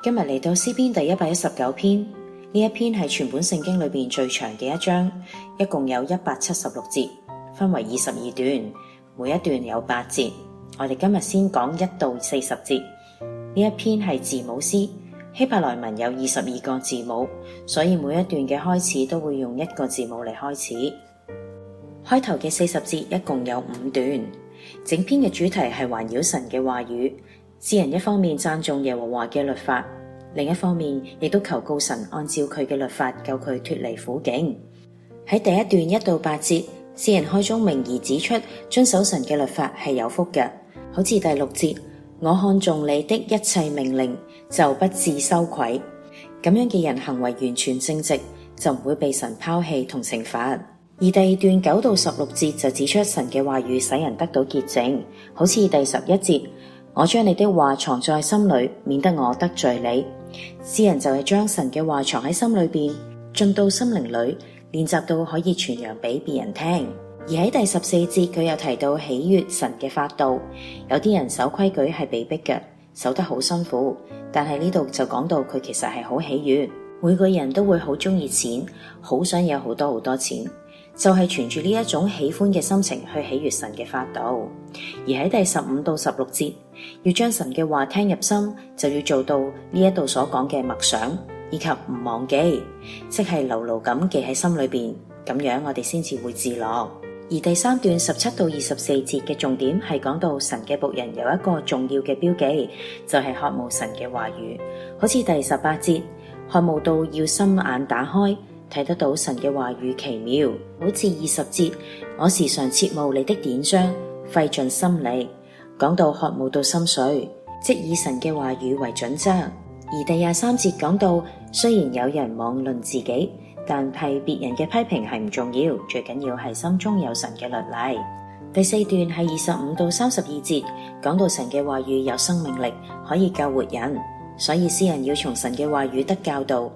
今日嚟到詩篇第一百一十九篇，呢一篇係全本聖經裏邊最長嘅一章，一共有一百七十六節，分為二十二段，每一段有八節。我哋今日先講一到四十節。呢一篇係字母詩，希伯來文有二十二個字母，所以每一段嘅開始都會用一個字母嚟開始。開頭嘅四十節一共有五段，整篇嘅主題係環繞神嘅話語。詩人一方面讚頌耶和華嘅律法，另一方面亦都求告神按照佢嘅律法救佢脫離苦境。喺第一段一到八節，詩人開宗明義指出遵守神嘅律法係有福嘅，好似第六節，我看重你的一切命令，就不至羞愧。咁樣嘅人行為完全正直，就唔會被神拋棄同懲罰。而第二段九到十六節就指出神嘅話語使人得到潔淨，好似第十一節。我將你的話藏在心裏，免得我得罪你。詩人就係將神嘅話藏喺心裏邊，進到心靈裏，練習到可以傳揚俾別人聽。而喺第十四節，佢又提到喜悅神嘅法度。有啲人守規矩係被逼嘅，守得好辛苦，但係呢度就講到佢其實係好喜悅。每個人都會好鍾意錢，好想有好多好多錢。就係存住呢一種喜歡嘅心情去喜悅神嘅法度，而喺第十五到十六節，要將神嘅話聽入心，就要做到呢一度所講嘅默想以及唔忘記，即係牢牢咁記喺心裏邊，咁樣我哋先至會自樂。而第三段十七到二十四節嘅重點係講到神嘅僕人有一個重要嘅標記，就係渴慕神嘅話語，好似第十八節渴慕到要心眼打開。睇得到神嘅話語奇妙，好似二十節，我時常切慕你的典章，費盡心力，講到渴慕到心碎，即以神嘅話語為準則。而第二十三節講到，雖然有人妄論自己，但係別人嘅批評係唔重要，最緊要係心中有神嘅律例。第四段係二十五到三十二節，講到神嘅話語有生命力，可以救活人。所以詩人要從神嘅話語得教導，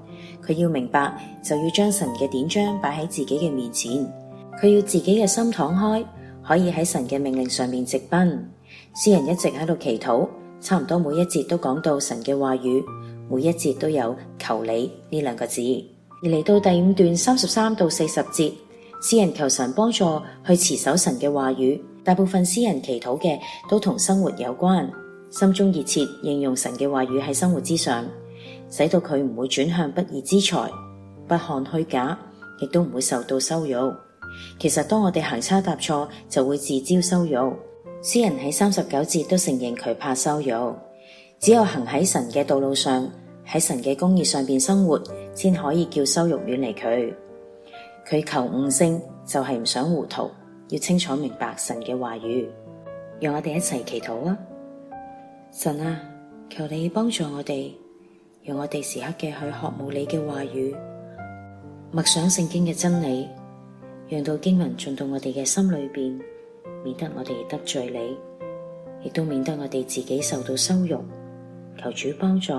佢要明白就要將神嘅典章擺喺自己嘅面前，佢要自己嘅心敞開，可以喺神嘅命令上面直奔。詩人一直喺度祈禱，差唔多每一節都講到神嘅話語，每一節都有求你呢兩個字。而嚟到第五段三十三到四十節，詩人求神幫助去持守神嘅話語。大部分詩人祈禱嘅都同生活有關。心中熱切應用神嘅話語喺生活之上，使到佢唔會轉向不義之財，不看虛假，亦都唔會受到羞辱。其實當我哋行差踏錯，就會自招羞辱。詩人喺三十九節都承認佢怕羞辱，只有行喺神嘅道路上，喺神嘅公義上邊生活，先可以叫羞辱遠離佢。佢求悟性，就係唔想糊塗，要清楚明白神嘅話語。讓我哋一齊祈禱啊！神啊，求你幫助我哋，讓我哋時刻嘅去學慕你嘅話語，默想聖經嘅真理，讓到經文進到我哋嘅心裏邊，免得我哋得罪你，亦都免得我哋自己受到羞辱。求主幫助，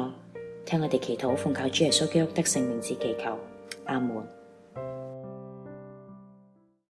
聽我哋祈禱，奉靠主耶穌基督得勝名字祈求，阿門。